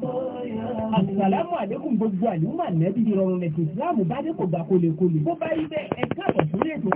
àsàlámù àlékún gbogbo àlùmọ̀ nẹ́bí ìrọ̀rùn ẹ̀sìn ìsìláàmù bá dé kò gbà kólekóle. bó bá yí bẹ́ẹ̀ ẹ káàbọ̀ sórí ètò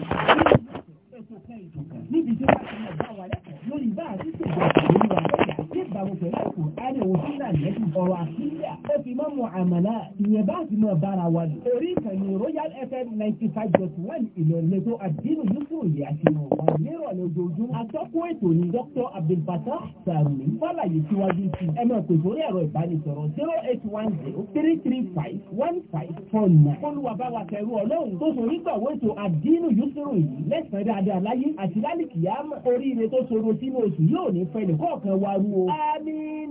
níbi tí wọ́n ti mọ̀ bá wà lẹ́kọ̀ọ́ lórí bá àtúnṣe ìgbà ìgbà ìgbà ìgbà ìgbà ìgbà ìgbà àkídà lẹ́kùn ọ̀rọ̀ àkídà ó fi mọ́ muamala ìyẹn bá ti mọ́ bára royal fm ninety five dot one ìlọrin lẹ́tọ́ àdínú yusuf ìyá ti mọ̀ wá lérò lójoojúmọ́. atọ́kùn ètò ni dr abdulfatah sàrùmí fàlàyé síwájú sí ẹ máa pè sórí ẹ̀rọ ìbánisọ̀rọ̀ zero eight one zero three three five one five four nine. olùwàbáwa kẹrù ọlọ́run tó sori gbàwó ètò àdínú yusuf yìí lẹ́sàn-án dáadáa láyé àti lálìkìyàmọ̀ oríire tó soro sínú oṣù yóò ní fẹ́ni kọ̀ọ̀kan wa rú o. àmín.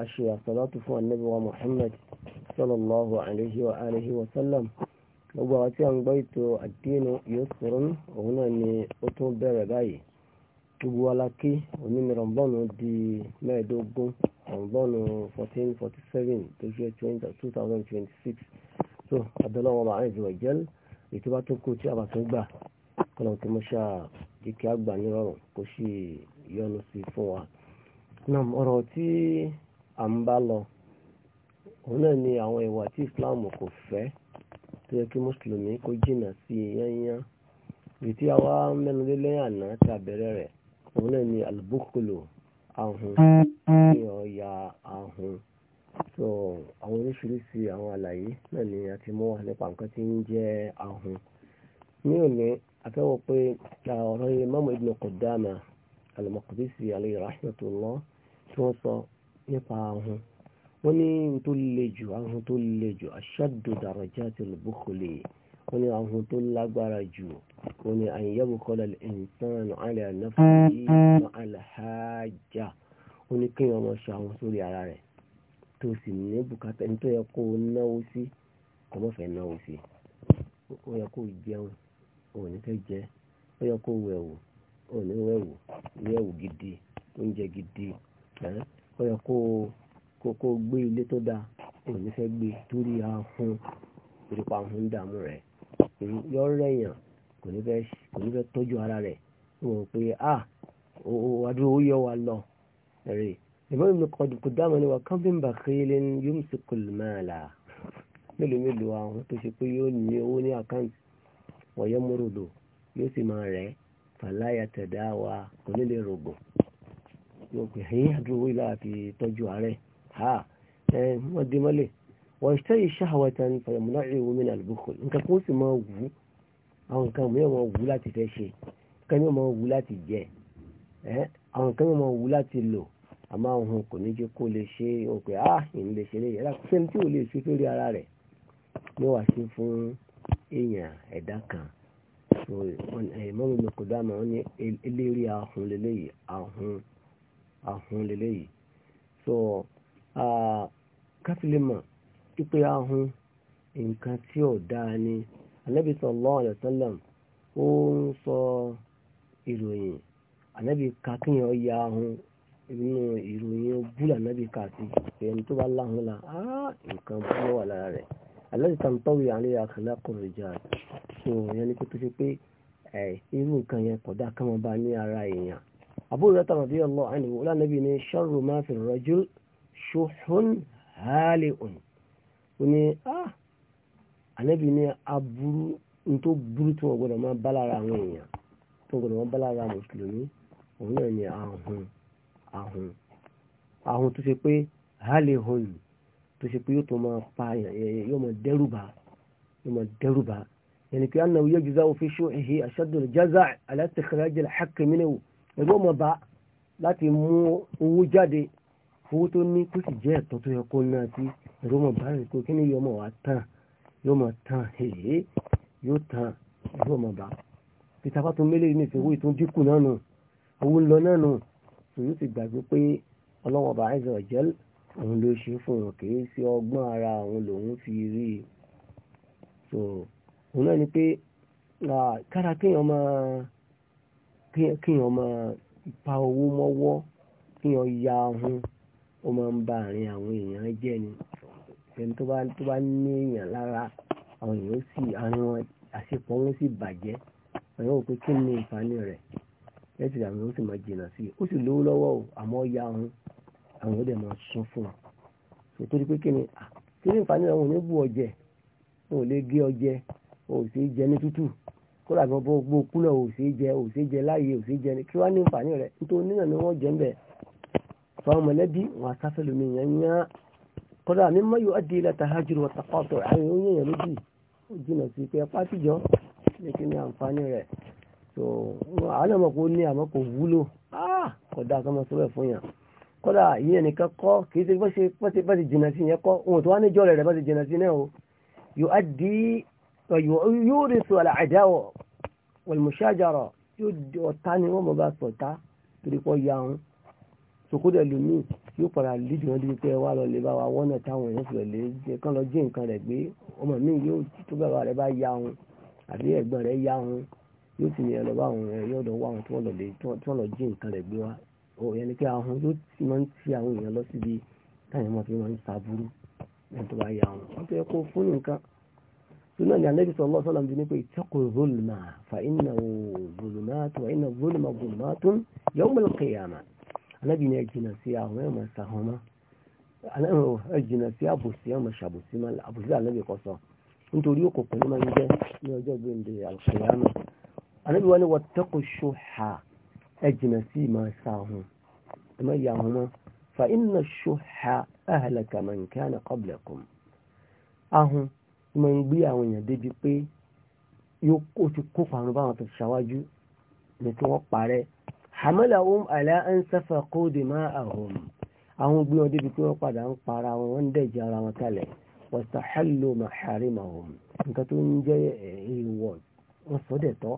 àṣe àsàlátù fún ànábì wa Muhammad sallallahu alayhi wa alihi wa sallam gbogbo àwọn tí a ń gbọ́ ètò àdínú yusrun òun náà ni ó tún bẹ̀rẹ̀ báyìí gbogbo aláké onírànbọ́nù di mẹ́ẹ̀ẹ́dógún rànbọ́nù fourteen forty seven tó ṣe two thousand twenty six so adọ́lọ́wọ́ bàá ìjọ ìjẹ́l ètò bá tó kú tí a bá tún gbà kọ́nà tí mo ṣáà jíkẹ́ àgbà nírọ̀rùn kó sì yọnu sí fún wa nam ọ̀rọ̀ tí a ń bá lọ òun náà ni àwọn ìwà tí Islam kò fẹ́ tó yẹ kí mùsùlùmí kó jìnnà sí yányán èyí tí a wá mẹ́nu lé lẹ́yìn àná tí a bẹ̀rẹ̀ rẹ̀ òun náà ni alùbúkúlù ahun ní ọ̀ya ahun so àwọn oríṣiríṣi àwọn àlàyé náà ni a ti mú wá nípa nǹkan tí ń jẹ́ ahun ní òní afẹ́wọ̀ pé ọ̀rọ̀ Imam Ibn Qudama al-Maqdisi alayhi rahmatullah tí wọ́n sọ nípa ahun wọ́n ní tó le jù ahun tó le jù ashaddu darajatil bukhli wọ́n ní ahun tó lágbára jù wọ́n ní an yabkhula al-insanu ala nafsihi ma'al haaja wọ́n ní kéèyàn máa ṣe ahun sórí ara rẹ̀ tó sì ní bùkátà ní tó yẹ kó náwó sí kò náwó sí ó yẹ kó jẹun òun ní fẹ́ jẹ ó yẹ kó wẹ̀wò òun ní wẹ̀wò ní ẹ̀wù gidi oúnjẹ gidi ó yẹ kó kó gbé ilé tó dáa kò ní fẹ́ gbé torí ahun ìrìpà ahun ń dààmú rẹ̀ yọ rẹ̀yàn kò ní fẹ́ tọ́jú ara rẹ̀ wọ́n pé a ah, wàdúró ó yọ wa lọ rẹ̀ ìmọ̀ ìmọ̀ kò dáàmú ni wà kán bí n bà kéèlé yóò sì kò lè máa là mélòó mélòó àwọn tó ṣe pé yóò ní owó ní àkáǹtì wọ̀nyẹ́ mọ́ròdò yóò sì máa rẹ̀ fàlàyà tẹ̀dá wa kò ní lè rògbò yóò pè é àdúró ilá àti tọ́jú ààrẹ ha ẹ wọ́n dé mọ́lẹ̀ wọ́n ṣe shahwatan fàyàmúná ìwé mi náà lùbùkù nǹkan kó sì máa wù ú àwọn nǹkan mi máa wù ú láti fẹ́ ṣe nǹkan mi máa wù ú láti jẹ àwọn nǹkan mi máa wù ú láti lò àmọ́ àwọn kò ní jẹ́ kó lè ṣe òpè á ìní lè ṣe léyìn ẹ̀rá sẹ́ni tí ò lè ṣe sórí ara rẹ̀ ní wàá ṣe fún èèyàn ẹ̀dá kan ìmọ̀ mi kò dá mọ́ ní eléré ahun lélẹ́yìí ahun ahun lélẹ́yìí so kátìlémà pípé ahun nǹkan tí ò dáa ni Ànábì sallallahu alaihi wasallam ó ń sọ ìròyìn Ànábì kakíyàn ya ahun nínú ìròyìn búlà Ànábì kàti ẹni tó bá láhùn la nǹkan búlọ wà lára rẹ̀ alẹ́ ìtàn tọ́wé àlẹ́ àkàlà kọ̀ọ̀rọ̀ jà so ìyẹn ni kó tó ṣe pé irú nǹkan yẹn kódà kọ́mọba ní ara èèyàn Abu Hurairah radiyallahu anhu wọ́n lánàbí ní sharru ma fi rajul shuhun hali'un ó ní ah, ànábì ní aburú ní tó burú tí wọ́n gbọ́dọ̀ máa bá lára àwọn èèyàn tó gbọ́dọ̀ máa bá lára mùsùlùmí òun náà ni ahun ahun ahun tó ṣe pé halihun tó ṣe pé yóò tó máa pa yóò máa dẹ́rùbà yóò máa dẹ́rùbà yẹnni pé annahu yajza'u ẹ̀rọ ọmọ bá láti mú owó jáde owó tó ní tó sì jẹ́ ẹ̀tọ́ tó yẹ kó náà tí ẹ̀rọ ọmọ bá rẹ̀ kó kí ni yọmọ wá tán yọmọ tán èyí yóò tán ẹ̀rọ ọmọ bá peter fatun mélèé ní ìṣòwò ìtún dínkù náà nù owó ń lọ náà nù tòun ti gbàgbé pé ọlọ́wọ́n bá ẹ̀zọ̀ jẹ́ òun ló ṣe fún òun kì í sí ọgbọ́n ara òun lòun fi rí i so òun náà ni pé kára kéèyàn máa kíyàn máa pa owó mọ́wọ́ kíyàn ya ohun ó máa ń ba àárín àwọn èèyàn jẹ́ ni ẹni tó bá ní èèyàn lára àwọn èèyàn sì àárín àṣepọ̀ wọn sì bàjẹ́ àwọn èèyàn kí ni ìfani rẹ̀ ẹ̀sì àwọn èèyàn sì máa jìnnà sí i ó sì lówó lọ́wọ́ o àmọ́ ya ohun àwọn èèyàn dẹ̀ máa sún fún un nítorí pé kí ni kí ni ìfani rẹ̀ wọn ní bù ọ̀jẹ̀ wọn ò lè gé ọ̀jẹ̀ wọn ò sì jẹ ní tútù kódà bí wọ́n gbó kú náà òsè jẹ òsè jẹ láàyè òsè jẹ ni kí wọ́n ní nfààní rẹ̀ nítorí nínà ni wọ́n jẹ ń bẹ̀ fáwọn mọ̀lẹ́bí wọn asáfẹ́ lómi yẹn ń yán kódà mi mọ́ yóò di ilẹ̀ tahajur wọ́n takọ́tọ̀ àwọn yóò yẹn lójú ó jìnà sí pé ẹpá tìjọ́ ní kí ni àǹfààní rẹ̀ tó àwọn ọmọ kò ní àmọ́ kò wúlò kódà kọ́ mọ́ sọ́bẹ̀ fún yàn kódà yíyan nìkan kọ́ kì í ṣe bá ti jìnà sí yóò rí sọ àdáwọ̀ wọ̀lùmọ̀ṣájàrọ̀ yóò ọ̀tá ni wọ́n mọ̀ bá sọ̀tá torí pọ̀ ya wọn sòkódẹ̀ lómi yóò padà lídìí wọn débi pé ẹ wá lọ lè bá wa wọ́n náà táwọn èèyàn fi lè jẹ kán lọ jí nǹkan rẹ̀ gbé ọmọ mi yóò tó bàbá rẹ̀ bá ya wọn àbí ẹ̀gbọ́n rẹ̀ ya wọn yóò sì ní ẹlọ́ba àwọn èèyàn yóò lọ wá wọn tí wọ́n lọ jí nǹkan rẹ̀ gbé wa òyìn ni pé ahun yóò ti máa ń ti àwọn èèyàn lọ síbi táwọn èèyàn fi máa ń sa burú lẹ́yìn tó bá ya wọn wọ́n tó kó fún nǹkan ثم سنة النبي صلى الله عليه وسلم دينكو اتقوا ظلما فإنه ظلمات وإن الظلم ظلمات يوم القيامة أنا دين أجينا سياه ويوم أساهما أنا أجينا سياه بوسيا وما شابوسيا أبو الأبوزا الذي قصة أنتو ليوكو كل ما يجي يوجد عند القيامة أنا بيوانا واتقوا الشحا أجينا سي ما ساهم ما ياهما فإن الشحا أهلك من كان قبلكم أهو ma ń gbé àwọn èèyàn débi pé ó ti kó parun báwọn tó ṣáwájú ní kí wọ́n parẹ́ hamala um ala an safa kóde máa àhùn àwọn gbé wọn débi pé wọ́n padà ń para wọn wọ́n ń dẹ̀jẹ̀ ara wọn kalẹ̀ wọ́sàhálò màhárìmà wọn nǹkan tó ń jẹ́ èèwọ̀ eh, wọ́n sọ́dẹ̀ tọ́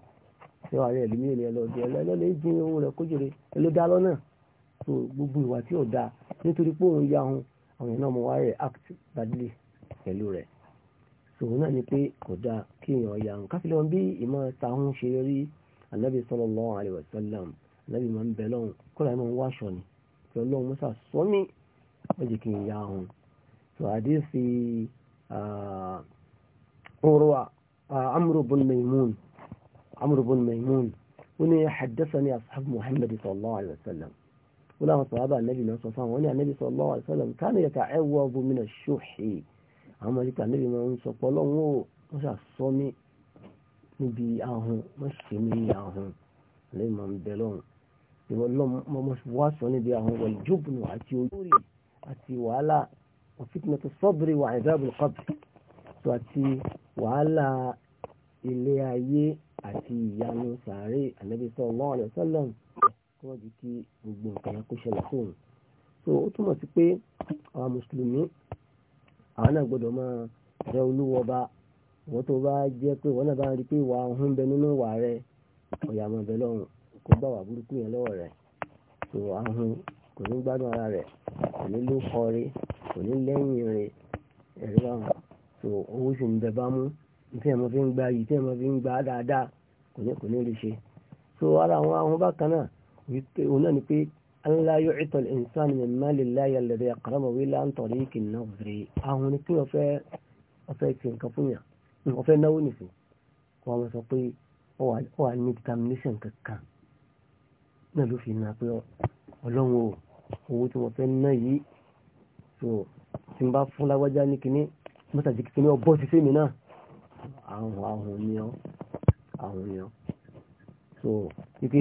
ṣé wàá rẹ̀ lómi ìrìn ẹlọ́dẹ ẹlọ́lẹ́ jin ohun rẹ̀ kójèrè ẹlọ́dá lọ́nà tó gbogbo ìwà tí ò dáa nítorí pé òun ya ohun àwọn èèyàn náà mọ wá rẹ̀ act badly pẹ̀lú rẹ̀ sòwò náà ni pé kò dáa kí èèyàn ya nǹkan fi lọ́n bí ìmọ̀ sahun ṣe rí anabi sallallahu alaihi wasallam anabi máa ń bẹ lọ́hùn kọ́lá ẹ̀ máa ń wáṣọ ni tí ọlọ́run mọ́sà sọ mí wọ́n jẹ́ kí n ya òun tó àdéhùsí urwa amru bun maimun amru bun maimun wọ́n ní haddathani ashab muhammad sallallahu alaihi wọ́n láwọn sọ̀rọ̀ àbá anabi náà sọ àwọn mọ̀lẹ́kà níbi máa ń sọpọ̀ ọlọ́run ó wọ́n ṣàsọ́ mí níbi ahun wọ́n ṣe mí ní ahun lẹ́yìn máa ń bẹ lọ́run ìwọ lọ́mọ wá sọ níbi ahun wọ̀lì jókòó àti olórí àti wàhálà òfìtìmọ̀ tó sọ́bìrì wà ìdáàbò kọ́bì tó àti wàhálà ilé ayé àti ìyanu sàárè ànábi sallallahu alaihi wasallam kí wọ́n di kí gbogbo nǹkan yẹn kó ṣẹlẹ̀ fóun so ó túmọ̀ sí pé àwọn mùsùlùmí àwọn náà ma máa rẹ olúwọ bá wọ́n tó bá jẹ́ pé wọ́n náà bá rí pé ìwà ọ̀hún bẹ nínú ìwà rẹ ọ̀yà mọ̀ bẹ lọ́rùn kó bá wà burúkú yẹn ara rẹ kò ní ló kọ kò ní lẹ́yìn rí ẹ̀rí báwọn tó owó sì ń bẹ bá mú ẹ̀ mọ́ fi ń gba yìí tí ẹ̀ mọ́ fi ń gba dáadáa ara àwọn bákan náà an la yu'ta al-insan min mali Allahi alladhi akramahu illa an tariqi an-nadhr àwọn ni kí wọ́n fẹ́ ọ̀fẹ́ ti nǹkan fún yàn ọ̀fẹ́ náwó nìsín kó wọ́n sọ pé ó wà ní determination kankan náà ló fi nà pé ọlọ́run o so tí n bá fún lágbájá ní kinní mọ́tàjì kinní ọ bọ́ sí fèmí náà àwọn àwọn so wípé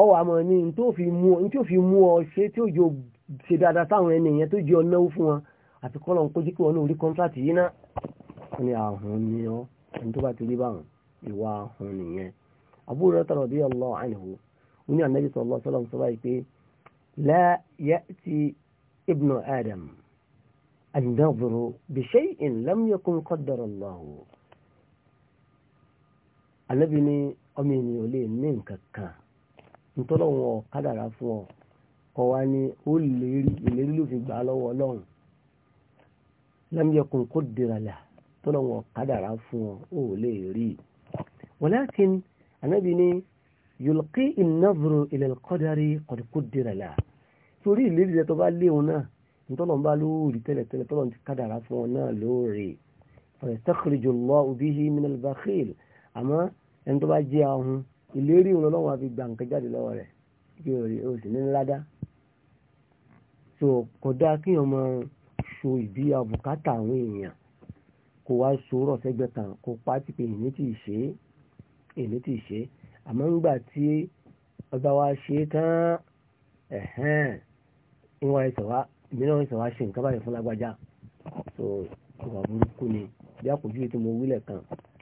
ọwọ́ àmọ́ ní ní tó fi mú ọ ṣe tí ó jọ ṣe dáadáa sáwọn ẹni yẹn tó jẹ́ ọ̀nàwó fún wọn àti kọ́lọ̀ ń kójú pé wọn náà rí kọ́ńtàtì yìí náà wọ́n ní àhùn ni ọ́ ẹni tó bá ti rí báwọn ìwà àhùn nìyẹn Abu Hurairah radiyallahu anhu wọ́n ní Ànábì sallallahu alaihi wasallam sọ báyìí pé la ya'ti ibnu Adam an-nadhru bi shay'in lam yakun qaddara Ànábì ní ọmọ ènìyàn lè ní nǹkan kan ntọ́lọ́wọ́n ọ̀kadàrà fún ọ kọ wá ní ó lérí ìlérí ló fi gbà á lọ́wọ́ ọlọ́run lámìyẹkùn kó dìrànlà tọ́lọ́wọ́n ọ̀kadàrà fún ọ ó lè rí i. walakin anábì ní yulqi an-nadhru ila al-qadari qad qaddara la torí ìlérí rẹ tó bá léwu náà ntọ́lọ́wọ́n bá lóòrì tẹ́lẹ̀tẹ́lẹ̀ tọ́lọ́wọ́n ti kádàrà fún ọ náà lóòrì fa yastakhriju Allahu bihi min al-bakhil àmọ́ ẹni tó bá jẹ́ ahun ìlérí òun ọlọ́run àfi gbà nǹkan jáde lọ́wọ́ rẹ̀ kí o sì ní ńládá so kò dáa kí ọmọ so ìbí àbùkátà àwọn èèyàn kó wá sọ̀rọ̀ sẹ́gbẹ̀ kan kó pàtì pé èmi ti ṣe é èmi ti ṣe é àmọ́ ńgbà tí ọba wa ṣe é tán ẹ̀hẹ́n ìwọ̀n ẹ̀sẹ̀ wa èmi náà ẹ̀sẹ̀ wa ṣe nǹkan báyìí fún lágbájá so ìwà burúkú ni bí àpòjú ètò mo wílẹ̀ kan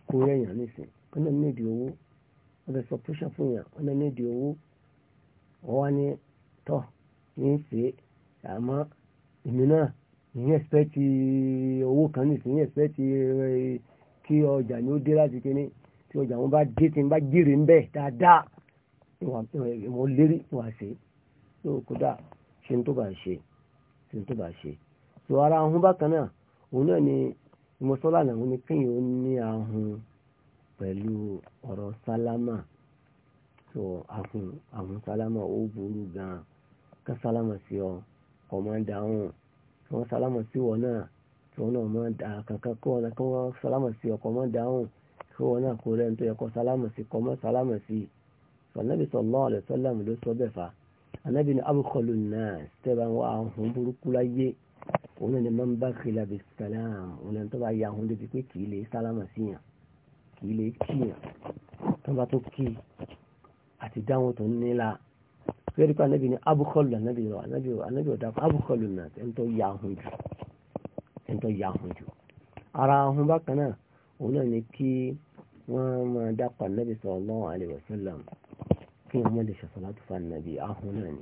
kó rẹ̀yàn nísìn kó náà nídìí owó wọ́n fẹ́ sọ púṣọ̀ fún yàn wọ́n lè nídìí owó wọ́n wá ní tọ́ ní í ṣe èmi náà ìyẹn ẹ̀sìpẹ́tì owó kan nìsín ìyẹn ẹ̀sìpẹ́tì kí ọjà ni ó dé láti kíní tí ọjà wọn bá dé tí n bá jèrè ń bẹ dáadáa ìwọ̀n lérí wà sí yóò kódà ṣe ń tó bá ṣe ṣe ń tó bá ṣe tó ara ahun bákan náà òun náà ni ìmọ̀sọ́lá náà òun ni kéèyàn ní ahun pẹ̀lú ọ̀rọ̀ sálámà tó àfún àwọn sálámà ó burú gan-an ká sálámà sí ọ kò máa ń dáhùn tí wọ́n sálámà sí wọn náà tí wọ́n náà máa ń dà kankan kó wọn kó wọ́n sálámà sí ọ kò máa ń dáhùn kí wọ́n náà kó rẹ́ni tó yẹ kó sálámà sí kò máa sálámà sí sọ̀nàbì sallallahu alaihi wasallam ló sọ bẹ́ẹ̀ fà anábì ní abúkọlù náà tẹ́lẹ̀ wọn àhùn burúkú láyé òun náà ni máa ń bá kìlà bí sàlám òun náà tó bá yà àhùn débi pé kì í lè sálámà síyàn kì í lè kíyàn tó bá tó kí àti dáwọn tó nílá fẹ́rí pa anábì ní abúkọlù anábì rọ anábì ọ̀dà abúkọlù náà ẹni tó ya ahun jù ẹni tó ya ahun jù ara ahun bákan náà òun náà ni kí wọ́n máa dápa anábì sallallahu alaihi wasallam kí wọ́n mọ̀ lè ṣàṣàlátù fún anábì ahun náà ni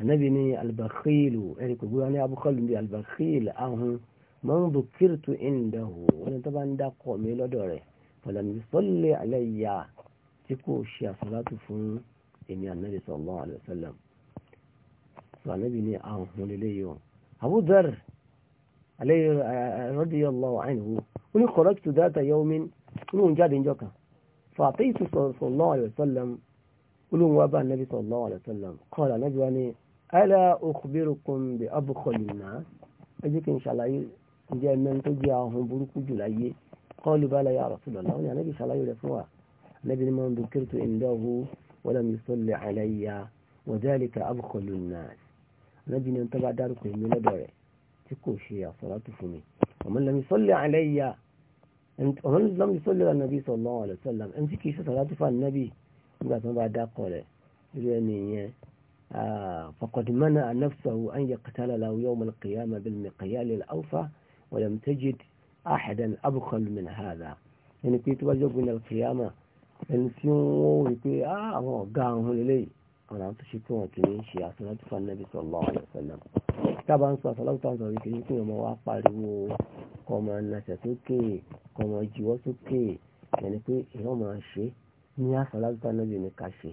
anábì ní albakhilu ẹni kò gbúra ní abúkọlù ní albakhil ahun man dhukirtu indahu wọn tó bá ń dákọ̀ mi lọ́dọ̀ rẹ̀ fọlẹ́mi sọ́lẹ̀ alẹ́ ìyá tí kò ṣe àsàlátù fún èmi ànábì sallallahu alaihi wasallam sọ ànábì ní àwọn ah, ọmọ lélẹ́ yìí wọn. Abu Dharr eh, radiyallahu anhu ó ní kọ̀rọ́kìtì dáta yawmin ó lóun jáde ńjọ kan fa'ataytu sallallahu alaihi wasallam ó lóun wá bá ànábì sallallahu alaihi wasallam qala ànábì wa ní ala ukhbirukum bi abkhali an-nas ẹ قالوا بلى يا رسول الله يا يعني نبي صلى الله عليه وسلم النبي من ذكرت عنده ولم يصلي علي وذلك أبخل الناس النبي من تبع دارك من داره تكوشي يا صلاة فمي ومن لم يصلي علي أنت ومن لم يصلي على النبي صلى الله عليه وسلم أنت كيف صلاة فالنبي النبي tí wọ́n bá dákọ̀ فقد منع نفسه أن يقتل له يوم القيامة بالمقيال الأوفى ولم تجد ahadan أبخل من هذا، ẹni pé tó bá jọ́gbìn náà kìyàmà ẹni tí wọ́n rí pé àwọn ọ̀gá ọ̀hún lélẹ́yìí àwọn àwọn tó ṣe pé wọn kì í ṣe àsọlátù fún anábì sallallahu alaihi wasallam tábà ń sọ àsọlátù fún àsọlátù kì í kí ọmọ wa pariwo kọ ọmọ anàṣà sókè kọ ọmọ jìwọ́ sókè ẹni pé èèyàn máa ṣe ní àsọlátù fún anábì ká ṣe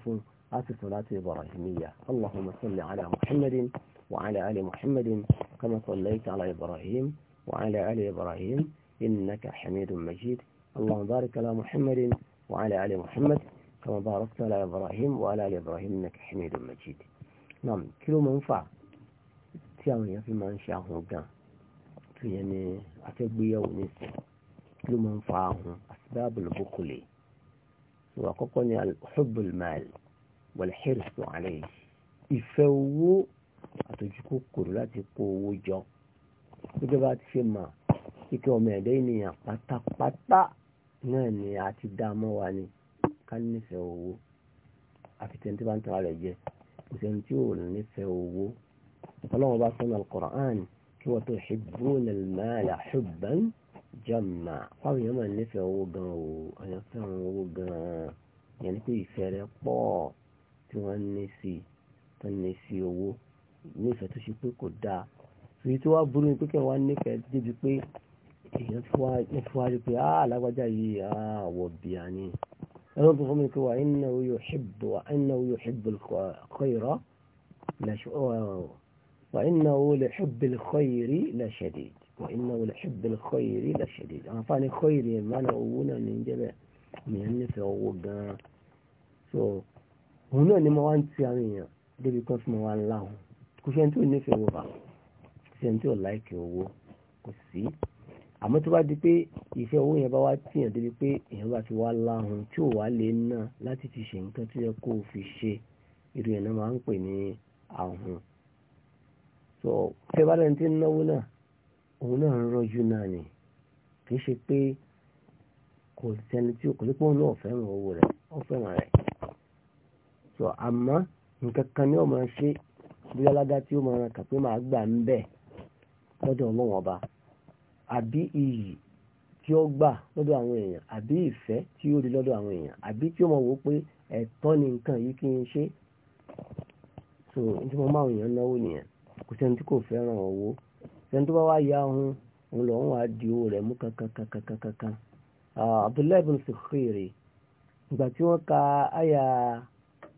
fún هات الصلاة الإبراهيمية اللهم صل على محمد وعلى آل محمد كما صليت على إبراهيم وعلى آل إبراهيم إنك حميد مجيد اللهم بارك على محمد وعلى آل محمد كما باركت على إبراهيم وعلى آل إبراهيم إنك حميد مجيد نعم كل منفع تيامي في منشأ في يعني أتبيا ونسي كل منفعه أسباب البخل وقوقني الحب المال wàlẹ́hẹ́rìsọ̀ àlẹ́ yìí ìfẹ́ owó àtòjúkò kòrò láti kó owó jọ gẹ́gẹ́ bá ti ṣe mà kíkẹ́ ọmọ ẹ̀dẹ́ ènìyàn pátápátá náà ni a ti dá mọ́ wa ni ká nífẹ̀ẹ́ owó àfi tẹ́ni tí bá ń tara rẹ̀ jẹ kò sẹ́ni tí ò nífẹ̀ẹ́ owó ọlọ́run bá sọ́nà al-Qur'an kí wọ́n tó hibbuna al-mala hubban jamma fáwọn èèyàn máa nífẹ̀ẹ́ owó gan-an o àyànfẹ́ owó gan-an yẹn ni pé ìfẹ́ rẹ̀ pọ̀ tí wọ́n ní sí tó ní sí owó ní ìfẹ́ tó ṣe pé kò dáa èyí tó wá burú ni pé kí wọ́n nífẹ̀ẹ́ débi pé èèyàn fi wá rí pé áà lágbájá yìí àwọ̀ bíà ni ẹ̀rọ tó fún mi pé wà innahu yuhibbu wa innahu yuhibbu al-khayra wa innahu li hubbi al-khayri la shadid wa innahu li hubbi al-khayri la shadid àwọn afáàní khayri mọ́nà owó náà ní jẹ́ bẹ́ẹ̀ nífẹ̀ẹ́ owó gan-an òun náà ni mo wá ń ti àwọn èèyàn débi kan tí mo wá ń láwọn kò sí ẹni tí ò nífẹ̀ẹ́ owó bá kò sí ẹni tí ò láìkì owó kò sí àmọ́ tó bá di pé ìfẹ́ owó yẹn bá wá tìyàn débi pé èèyàn bá ti wá láhùn tí ò wá lè ná láti ti ṣe nǹkan tó yẹ kó o fi ṣe irú ẹ̀ náà máa ń pè ní àhùn so fẹ́ bá lẹ́ni tí ń náwó náà òun náà ń rọ́jú náà ni kì í ṣe pé kò sẹ́ni tí kò ní pé òun náà fẹ́ràn owó rẹ̀ ó fẹ́ràn rẹ̀ so àmọ́ nǹkan kan ní ọmọ ṣe bí alága tí ó mọ ara kà pé máa gbà ń bẹ̀ lọ́dọ̀ ọlọ́wọ́n ọba àbí iyì tí ó gbà lọ́dọ̀ àwọn èèyàn àbí ìfẹ́ tí ó rí lọ́dọ̀ àwọn èèyàn àbí tí ó mọ̀ wò pé ẹ̀tọ́ ni nǹkan yìí kí n ṣe so n tí mo máa èèyàn náwó nìyẹn kò sẹ́ni tí kò fẹ́ràn owó sẹ́ni tó bá wá ya ohun òun lòun wá di owó rẹ̀ mú kankankankankankan ah, Abdullahi bin Sukhiri ìgbà tí wọ́n ka àyà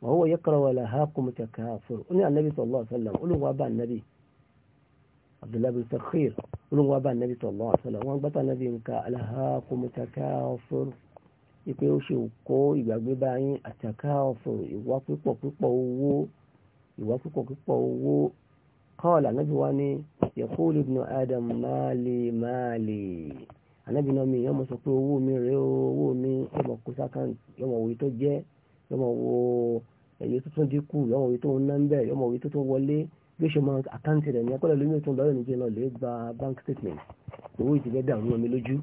wa huwa yaqra wa lahakum takafur ó ní ànábì sallallahu alaihi wasallam olùwà bá ànábì abdullahi bin sakhir olùwà bá ànábì sallallahu alaihi wasallam wọn gbọ́tà ànábì nǹka lahakum takafur ipe ó ṣe kó ìgbàgbé báyìí àtakafur ìwà púpọ̀ púpọ̀ owó ìwà púpọ̀ púpọ̀ owó kọ́ọ̀lù ànábì wa ní yaqulu ibnu adam máàlì máàlì ànábì náà mi yọmọ sọ pé owó mi rèé owó mi yọmọ kó sákàǹtì yọmọ òwe tó jẹ́ yọmọ wo èyí tó tún dínkù yọmọ wí tó ń ná ń bẹ̀ yọmọ wí tó tún wọlé bí ó ṣe máa àkáǹtì rẹ̀ ní ẹkọ́lẹ̀ lómi tún lọ́rọ̀ níjẹ́ lọ lè gba bank statement owó ìtìlẹ̀ dàrú ọmi lójú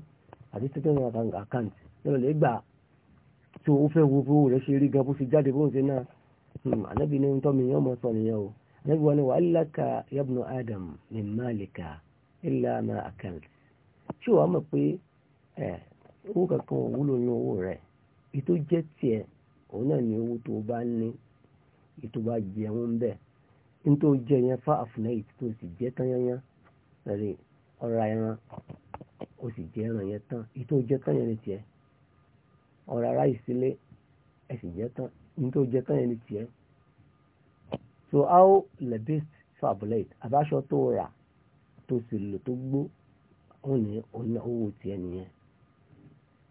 àti statement account lọ́rọ̀ lè gbà tí ó fẹ́ wo bó rẹ̀ ṣe rí gan bó ṣe jáde bó ń ṣe náà hmm, ànábì ní tọ́ mi yọmọ sọ nìyẹn o ànábì wọn ni wà lákà yabnu adam ní malika ilà ma account ṣé wàá mọ̀ pé owó kankan wúlò ní owó rẹ̀ ètò jẹ́ tiẹ̀ òun náà ní owó tó bá ní ètò bá jẹun ń bẹ̀ nítorí jẹ yẹn fa àfúnáyì tó sì jẹ tán yányán rẹ̀ ọ̀ra ẹran o sì jẹ ẹran yẹn tán ètò jẹ tán yẹn ni tiẹ̀ ọ̀ra ara ìsílé ẹ sì jẹ tán nítorí jẹ tán yẹn ni tiẹ̀ so how lebist fabulate àbáṣọ tó rà tó sì lò tó gbó ó ní owó tiẹ̀ nìyẹn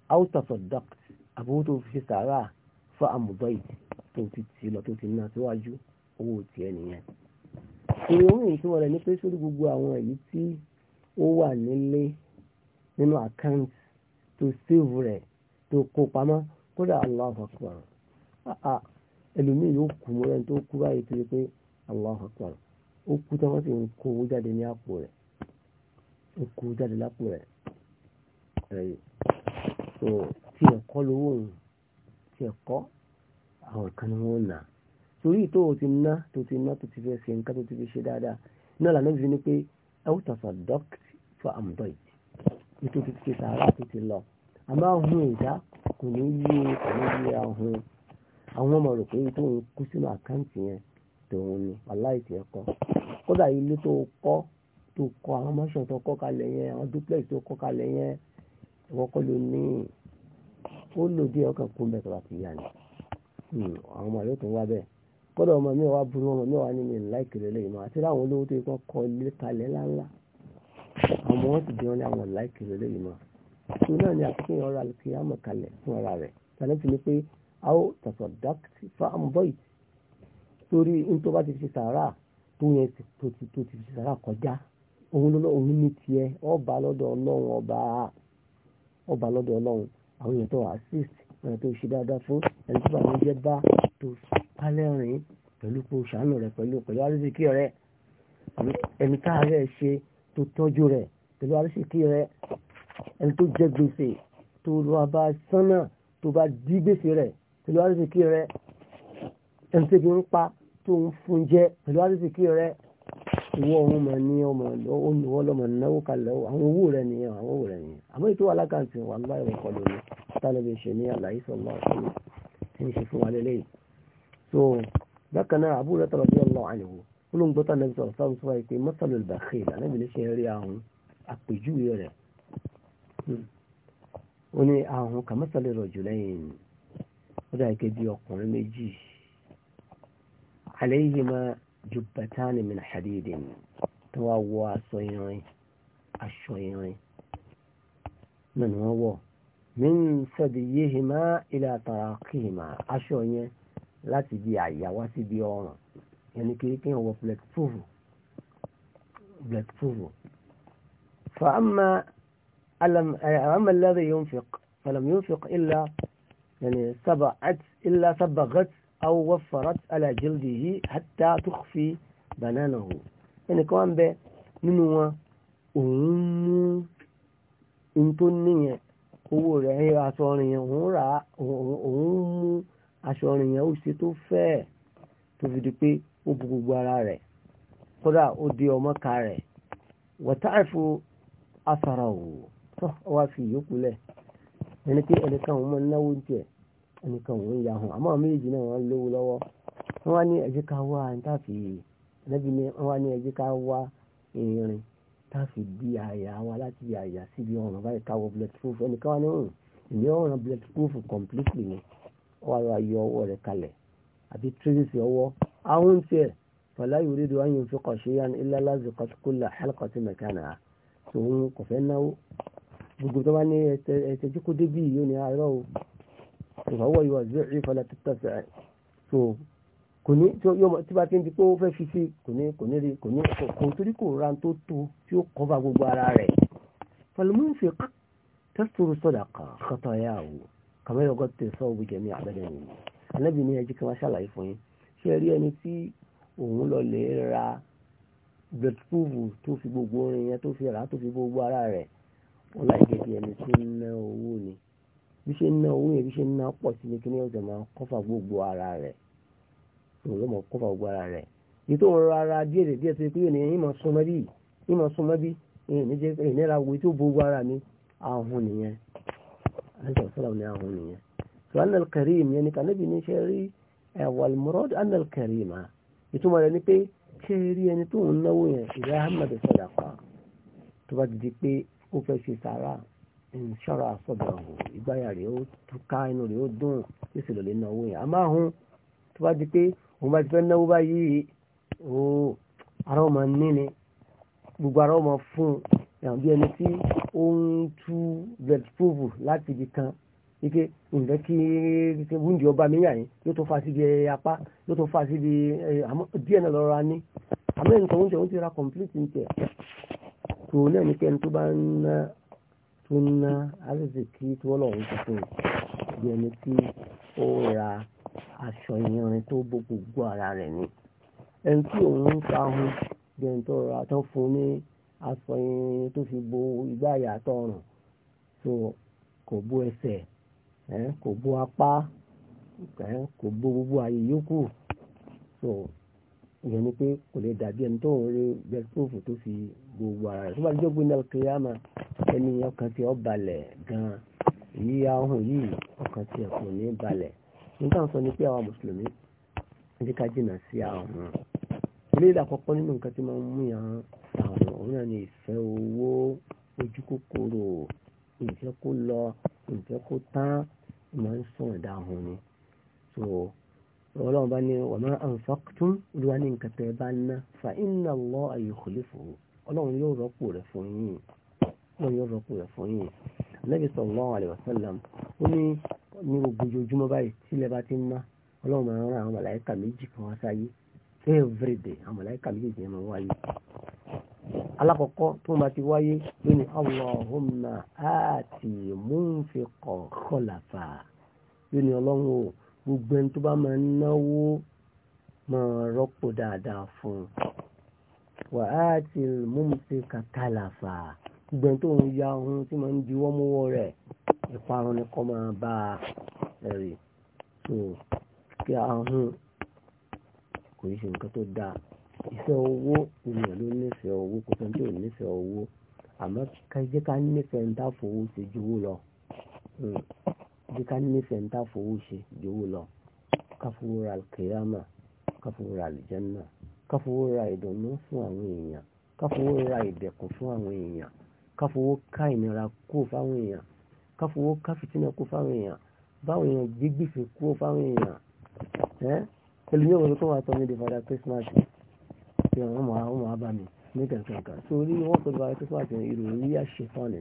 how to product àbúrò tó fi sàárà fún àmùbọ̀ yìí tó ti tì lọ tó ti ná síwájú owó tiẹ̀ nìyẹn. ìròyìn ìtumọ̀ rẹ̀ ní pé sórí gbogbo àwọn èyí tí ó wà nílé nínú àkáǹtì tó sèvù rẹ̀ tó kó pamọ́ kódà Allahu Akbar ẹlòmíì yóò kú mọ́ra tó kú báyìí tó yẹ pé Allahu Akbar ó kú tí wọ́n sì ń kó owó jáde ní àpò rẹ̀ ó kú jáde lápò rẹ̀ rẹ̀ tí ẹ̀kọ́ lówó òun tí ẹ̀kọ́ àwọn kan ni wọ́n nà torí tó o ti ná tó ti ná tó ti fẹ́ ṣe nǹkan tó ti fi ṣe dáadáa náà lànà fi ni pé awùtàfà dọ́kítì fún àmúdọ́ yìí nítorí ti ṣe sàárà tó ti lọ àmọ́ ahun ìdá kò ní yí kò ní yí ahun àwọn ọmọ rò pé tó ń kú sínú àkáǹtì yẹn tòun ni aláìsí ẹ̀kọ́ kódà ilé tó kọ́ tó kọ́ àwọn mọ́ṣọ̀ tó kọ́ kalẹ̀ yẹn àwọn duplex tó kọ́ kalẹ̀ yẹn ìwọ́kọ́ ló ní ó lòdì ọkàn kó mẹ́tọ́ àti ìyá ni. Hmm, àwọn ọmọ yóò tún wá bẹ́ẹ̀ kọ́dọ̀ ọmọ mi wá burú ọmọ mi wá ní mi láìkì lélẹ̀ ìmọ̀ àti láwọn olówó tó kọ́ kọ́ ilé kalẹ̀ ńláńlá àmọ́ wọ́n ti di wọn ní àwọn láìkì lélẹ̀ ìmọ̀ tó náà ni àti kéèyàn ra kí á mọ̀ kalẹ̀ fún ara rẹ̀ tàbí ti ní pé a ó tàṣọ dákítì fáwọn bọ́ì torí n tó bá ti fi sàárà tó yẹn tó ti fi sàárà kọjá òun lọ́nà òun ní tiẹ̀ ọba lọ́dọ̀ ọlọ́run ọba ọba lọ́dọ̀ ọlọ́run àwọn èèyàn tó assist tó ṣe dáadáa fún ẹni tí bàbá jẹ́ bá tó pálẹ́rìn pẹ̀lú pé o ṣàánú rẹ̀ pẹ̀lú pẹ̀lú arísìkí rẹ̀ ẹni káàárẹ̀ ṣe tó tọ́jú rẹ̀ pẹ̀lú arísìkí rẹ̀ ẹni tó jẹ gbèsè tó lọ bá sánà tó bá dí gbèsè rẹ̀ pẹ̀lú arísìkí rẹ̀ ẹni tó fi ń pa tó ń fún jẹ pẹ̀lú arísìkí rẹ̀ ìwọ òun mọ̀ ní ọmọ olùwọ́ lọ́mọ náwó kalẹ̀ àwọn owó rẹ̀ nìyẹn àwọn owó rẹ̀ nìyẹn àmọ́ ètò alákàntì wà láì wọ́n kọlu ní tálẹ́bí ṣe ní àlàyé sọ̀rọ̀ ọ̀ṣun tí ń ṣe fún wa lélẹ́yìí. so bákan náà àbúrò tọrọ bí ọlọ́ àyẹ̀wò olóńgbò tá nàbí sọ̀rọ̀ sáwọn sọ́wọ́ ìpè mọ́sálù ìbàkìl ànábì ní ṣe rí àwọn àpèjúwe rẹ̀ hmm. ó ní àwọn kàmọ́sálù rọ̀jù lẹ́yìn ó dà جبتان من حديد تواوا صيري الشيري من هو من ثديهما إلى طراقهما الشيري لا تجي عيا واسبي يعني كي كي هو بلاك فوفو بلاك فوفو فأما ألم أما الذي ينفق فلم ينفق إلا يعني سبعت إلا سبغت aw wafarat ala jildihi hatta tukhfi bananahu ẹnìkan wà ń bẹ nínú wọn òun mú ohun tó níyẹn owó rẹ̀ aṣọ ọrìn yẹn òun rà òun mú aṣọ ọrìn yẹn ó ṣe tó fẹ́ẹ̀ tó fi di pé ó bu gbogbo ara rẹ̀ kódà ó di ọmọ ka rẹ̀ wọ́tàìfù asàrà òwò tó wá fi ìyókù lẹ̀ ẹni pé ẹnìkan òun máa náwó jẹ́ ẹnìkan òun ya hàn àmọ́ méjì náà wọ́n lówó lọ́wọ́ wọ́n wá ní ẹ̀jẹ̀ ká wá táàfì ẹ̀nẹ́bí ni wọ́n wá ní ẹ̀jẹ̀ ká wá irin táàfì bí àyà wa láti bí àyà sí ibi ọ̀ràn báyìí káwọ́ bulletproof ẹnìkan wá ní òun hmm, ìní ọ̀ràn bulletproof completely ni wọ́n wá yọ ọwọ́ rẹ̀ kalẹ̀ àbí tracy ọwọ́ àwọn tiẹ̀ fọlá yorùbá ìdíwá yóò fi kọ̀ ṣe yan ilé aláàzù kọ́tíkúlà hálùkọ́tì mẹ́kánà tòun kò fẹ́ náwó gbogbo tó bá ní ẹ̀tẹ́jú kó débì yóò ní àárọ̀ ìfọwọ́ ìwà zẹ́ ìfọlá títà sí ẹ̀ so kò ní tí bá ti ń di pé ó fẹ́ fi sí kò ní kò ní rí kò ní kò torí kò ra tó tó tí ó kọ́ bá gbogbo ara rẹ̀ pẹ̀lúmú ń fi tẹ́sítòrò sọ̀dà kan kọ́tọ̀ ẹ̀yà o kàmẹ́ ọgọ́ tẹ sọ òbí jẹ̀mí àbẹ́rẹ́ mi anábì ní ẹjí kí wọ́n ṣàlàyé fún yín ṣé rí ẹni tí òun lọ lè bí ṣe ń ná owó yẹn bí ṣe ń ná pọ̀ sí ni kí ni ọ̀sẹ̀ máa kọ́fà gbogbo ara rẹ̀ tó yọ mọ̀ kọ́fà gbogbo ara rẹ̀ yìí tó ń rọ ara díẹ̀ díẹ̀ tó yẹ kí ènìyàn yìí máa súnmọ́ bí yìí máa súnmọ́ bí ìnira wo tó bo gbogbo ara mi ahun nìyẹn alẹ́ sọ̀rọ̀ ní ahun nìyẹn tó anal karim yẹn ni kànáàbì ní ṣe rí ẹ̀wàl murad anal karim ah ìtumọ̀ rẹ̀ ni pé ṣe rí ẹni tó ń náwó yẹn ìrẹ́ ahmed sọ̀dà tó bá dìde pé ó fẹ́ ṣe sàrà ìṣọ́ra àsọ̀dọ̀rọ̀ ìgbáyà rẹ̀ ó túká inú rẹ̀ ó dùn tí sì lòlẹ́ náwó yẹn àmọ́ àhún tó bá di pé òun bá ti fẹ́ náwó báyìí ó ara ọmọ ní ni gbogbo ara ọmọ fún yàrá bí ẹni tí ó ń tú vegetable láti ibi kan ike ǹjẹ́ kí wúndì ọba mi yà yín yóò tó fa síbi apá yóò tó fa síbi díẹ̀ náà lọ́ra ní àmọ́ ẹnìkan oúnjẹ oúnjẹ ra complete ní tiẹ̀ tó náà ní kẹ́ni tó bá ń ná tó ná àrísìkí tí wọ́n lọ́wọ́ ti fún bí ẹni tí ó ra aṣọ irin tó bó gbogbo ara rẹ̀ ni ẹni tí òun ń sáhun bí ẹni tó ra tó fún ní aṣọ irin tó fi bo igbá ìyàtọ̀ ọ̀rùn so kò bó ẹsẹ̀ kò bó apá kò bó gbogbo ààyè yòókù so ìyẹn ni pé kò lè dàbí ẹni tó ń rí bẹ́ẹ̀ tó fi gbogbo ara rẹ̀ tó bá jẹ́ gbé ní alkiyama ẹni ọkàn tí ó balẹ̀ gan-an yíya ohun yìí ọkàn tí ẹ̀kùn ní balẹ̀ nígbà sọ ni pé àwọn mùsùlùmí ní ká jìnà sí àwọn ilé ìdàkọ́kọ́ nínú nǹkan tí máa ń mú yàn àwọn òun náà ni ìfẹ́ owó ojú kòkòrò ìfẹ́ kó lọ ìfẹ́ kó tán máa ń sàn dá ohun ni so ọlọ́run bá ní wama anfaqtum olúwa ní nǹkan tẹ́ bá ná fa inna Allaha yukhlifuhu ọlọ́run yóò rọ́pò rẹ̀ fún yín wọ́n yóò rọ́pò rẹ̀ fún yìí Ànábì sallallahu alaihi wasallam ó ní ní gbogbo ojoojúmọ́ báyìí tílẹ̀ bá ti ń ná ọlọ́run máa ń rán àwọn màláìkà méjì kan wá sáyé everyday àwọn màláìkà méjì yẹn máa wáyé alákọ̀ọ́kọ́ tó máa ti wáyé lónìí Allahumma àti múnfikọ̀ kọlàfà lónìí ọlọ́run o gbogbo ẹni tó bá máa ń náwó máa rọ́pò dáadáa fún un wà múnfikọ̀ kálàfà gbẹ̀n tó ń ya ohun tí máa ń diwọ́ mọ́wọ́ rẹ̀ ìparun ni kọ́ máa bá a rí so kí ahun kò í ṣe nǹkan tó dáa iṣẹ́ owó ènìyàn ló nífẹ̀ẹ́ owó kò sẹ́ni tó nífẹ̀ẹ́ owó àmọ́ jẹ́ ká nífẹ̀ẹ́ ń dáfowó ṣe ju owó lọ hmm. jẹ́ ká nífẹ̀ẹ́ ń dáfowó ṣe ju lọ káfowó ra kìyàmà káfowó ra àlìjẹ́nà káfowó ra ìdùnnú fún àwọn èèyàn káfowó ra ìdẹ̀kùn fún àwọn èèyàn káfowó ká ìnira kó fáwọn èèyàn káfowó ká fìtínà kó fáwọn èèyàn báwọn èèyàn gbígbìfì kó fáwọn èèyàn ẹ́ pẹ̀lú ní òwúrọ̀ tó wà tọ́ mi di fada Christmas ṣe àwọn ọmọ àwọn ọmọ mi ní kankan torí wọ́n pẹ̀lú fada Christmas yẹn ìròyìn àṣetán ni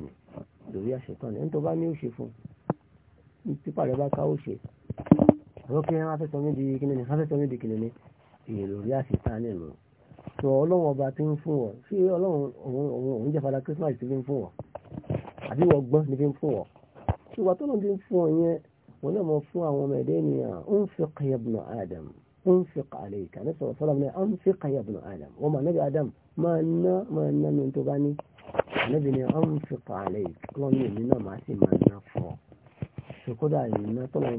ìròyìn àṣetán ni ẹni tó bá ní òṣè fún tipa rẹ bá ká òṣè àwọn kí wọ́n fẹ́ sọ mí di kí ni wọ́n fẹ́ sọ mí di kí ni ìròyìn àṣetán ni sọ ọlọ́run ọba ti ń fún ọ ṣé ọlọ́run òun òun jẹ́ fada Christmas ti fi ń fún ọ àbí wọ́n gbọ́n ni fi ń fún ọ ṣùgbọ́n tó lóun ti ń fún ọ yẹn wọn náà mọ fún àwọn ọmọ ẹ̀dẹ́ ènìyàn ń fi kàyà bùnà Adam ń fi kàlẹ́ ìkà ní sọ̀rọ̀ sọ́lá náà ń fi kàyà bùnà Adam wọn mà nẹ́bí Adam máa ná máa ná mi tó bá ní ànẹ́bí ni ń fi kàlẹ́ ìkà lọ́nà èmi náà máa sì máa ná fọ́ ṣùkọ́dà ìná tó lọ́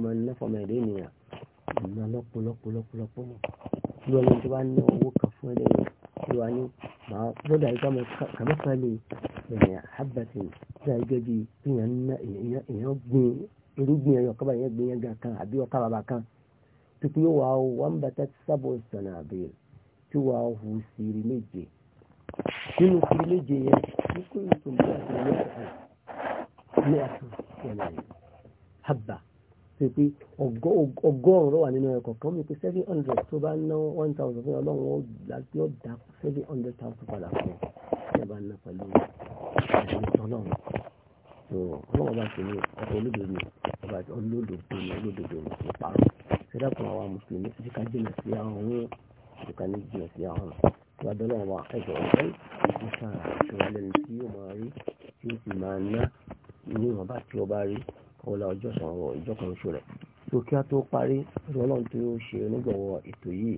irú ẹni tó bá ná owó kan fún ẹ̀rẹ́ tí wà ní màá lọ́dà ìgbà mọ̀ kàmẹ́fà lè ẹ̀yìn àbàtì tí a gẹ́gẹ́ bí èèyàn gbin irúgbìn ẹ̀yọ̀ kọ́ba yẹn gbin yẹn kan àbí ọkà bàbà kan tupu yóò wá wọn bàtà sábọ̀ sànà àbẹ̀rẹ̀ tí wà á hù sírí méje nínú sírí méje yẹn ní ìtòmọ́ àti ilé ẹ̀ka ní àtúnṣe ẹ̀yà ṣe pé ọgọ́rùn-ún ló wà nínú ẹ̀kọ́ kan mi pé seven hundred tó bá ná one thousand fún ọlọ́run ó láti ó dá seven hundred thousand padà fún ẹ bá ná pẹ̀lú ẹ̀sìn tọ́lọ́run tó ọlọ́run bá ṣe ní ọkọ̀ olódodo ọba olódodo ní olódodo ní ìparọ́ ṣẹ́dàkùn àwọn mùsùlùmí ti ká jìnà sí àwọn ohun ìdùkà ní jìnà sí àwọn ìwà dọ́lọ́run wa ẹ̀jọ̀ ọ̀fẹ́ ìṣàkíwálẹ́ni tí yóò máa rí tí ó sì máa ná ní ìwọ̀nba tí ọba rí ọlá ọjọ́ sanwó ọjọ́ kan oṣù rẹ̀ tó kí a tó parí ọlọ́run tó yóò ṣe onígbọ̀wọ́ ètò yìí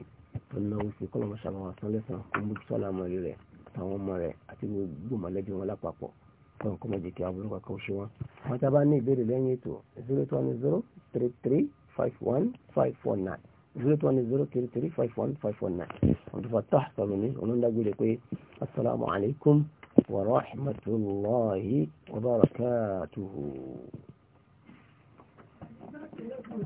ọlọ́run sí kọ́lọ́mọ ṣàwọn asánlẹ́sàn kó mú sọ́lá ọmọ rẹ̀ àtàwọn ọmọ rẹ̀ àti gbogbo mọ̀lẹ́bí wọn lápapọ̀ fún ọkọ̀ méjì kí aburú kankan ṣe wọn. wọn tá bá ní ìbéèrè lẹ́yìn ètò zero two one zero three three five one five four nine zero two one zero three three five one five four nine. Abdulfatah Salumi olùdágbére pé asalaamualeykum wa rahmatulahi wa barakatuhu.